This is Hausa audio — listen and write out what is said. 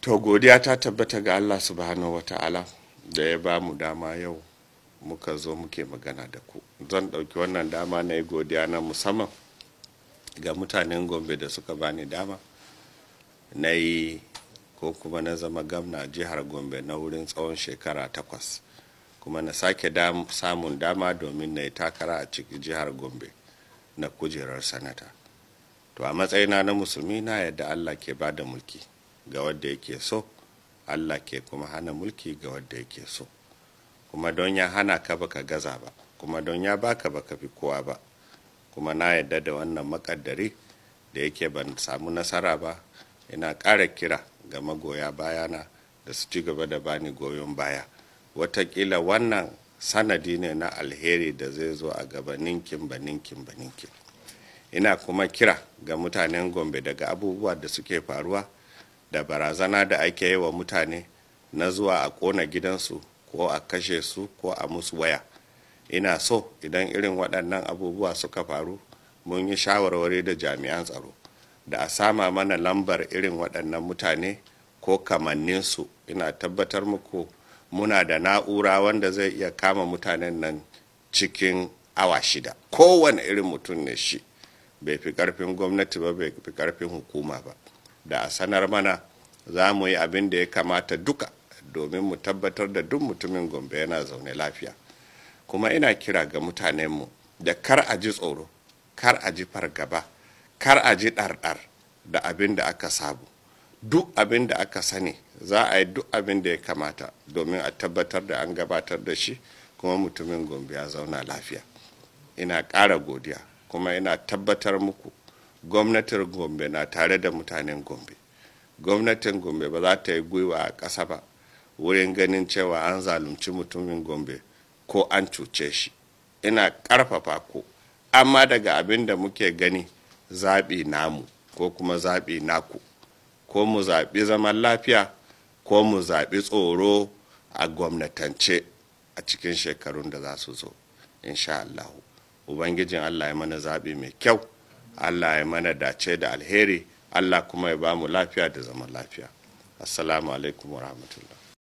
to godiya ta tabbata ga allah subhanahu wa ta'ala da ya ba mu dama yau muka zo muke magana da ku zan ɗauki wannan dama na yi godiya na musamman ga mutanen gombe da suka bani dama na yi ko kuma na zama gamna jihar gombe na wurin tsawon shekara takwas kuma na sake samun dama domin na yi takara a cikin jihar gombe na kujerar sanata to a matsayina na musulmi na yadda allah ke ba da mulki ga wadda yake so allah ke kuma hana mulki ga wadda yake so kuma don ya hana ka baka gaza ba kuma don ya baka ba ka fi kowa ba kuma na yadda da wannan makaddari da yake ban samu nasara ba ina ƙara kira ga magoya bayana da su ci gaba da bani goyon baya watakila wannan sanadi ne na alheri da zai zo a gaba ninkin ba ninkin ba ninkin ina kuma kira ga mutanen gombe daga abubuwa da suke faruwa da barazana da ake yi wa mutane na zuwa a kona gidansu ko a kashe su ko a musu waya ina so idan irin waɗannan abubuwa suka faru mun yi shawarwari da jami'an tsaro da a sama mana lambar irin waɗannan mutane ko kamanninsu ina tabbatar muku muna da na'ura wanda zai iya kama mutanen nan cikin awa shida kowane irin mutum ne shi bai fi ƙarfin gwamnati ba bai fi ƙarfin hukuma ba da a sanar mana za mu yi abin da ya kamata duka domin mu tabbatar da duk mutumin gombe yana zaune lafiya kuma ina kira ga mutanenmu da kar a ji tsoro kar a ji fargaba kar a ji ɗarɗar da abin da aka sabu duk abin da aka sani za a yi duk abin da ya kamata domin a tabbatar da an gabatar da shi kuma mutumin gombe ya zauna lafiya ina ƙara godiya kuma ina tabbatar muku gwamnatin gombe na tare da mutanen gombe gwamnatin gombe ba za ta yi gwiwa a ƙasa ba wurin ganin cewa an zalunci mutumin gombe ko an cuce shi ina ƙarfafa ko amma daga abin da muke gani zaɓi namu ko kuma zaɓi naku ko mu zaɓi zaman lafiya ko mu zaɓi tsoro a gwamnatance a cikin shekarun da za su zo insha Allah ubangijin Allah ya mana zaɓi mai kyau allah ya mana dace da alheri allah kuma ya ba mu lafiya da zaman lafiya assalamu alaikum rahmatullah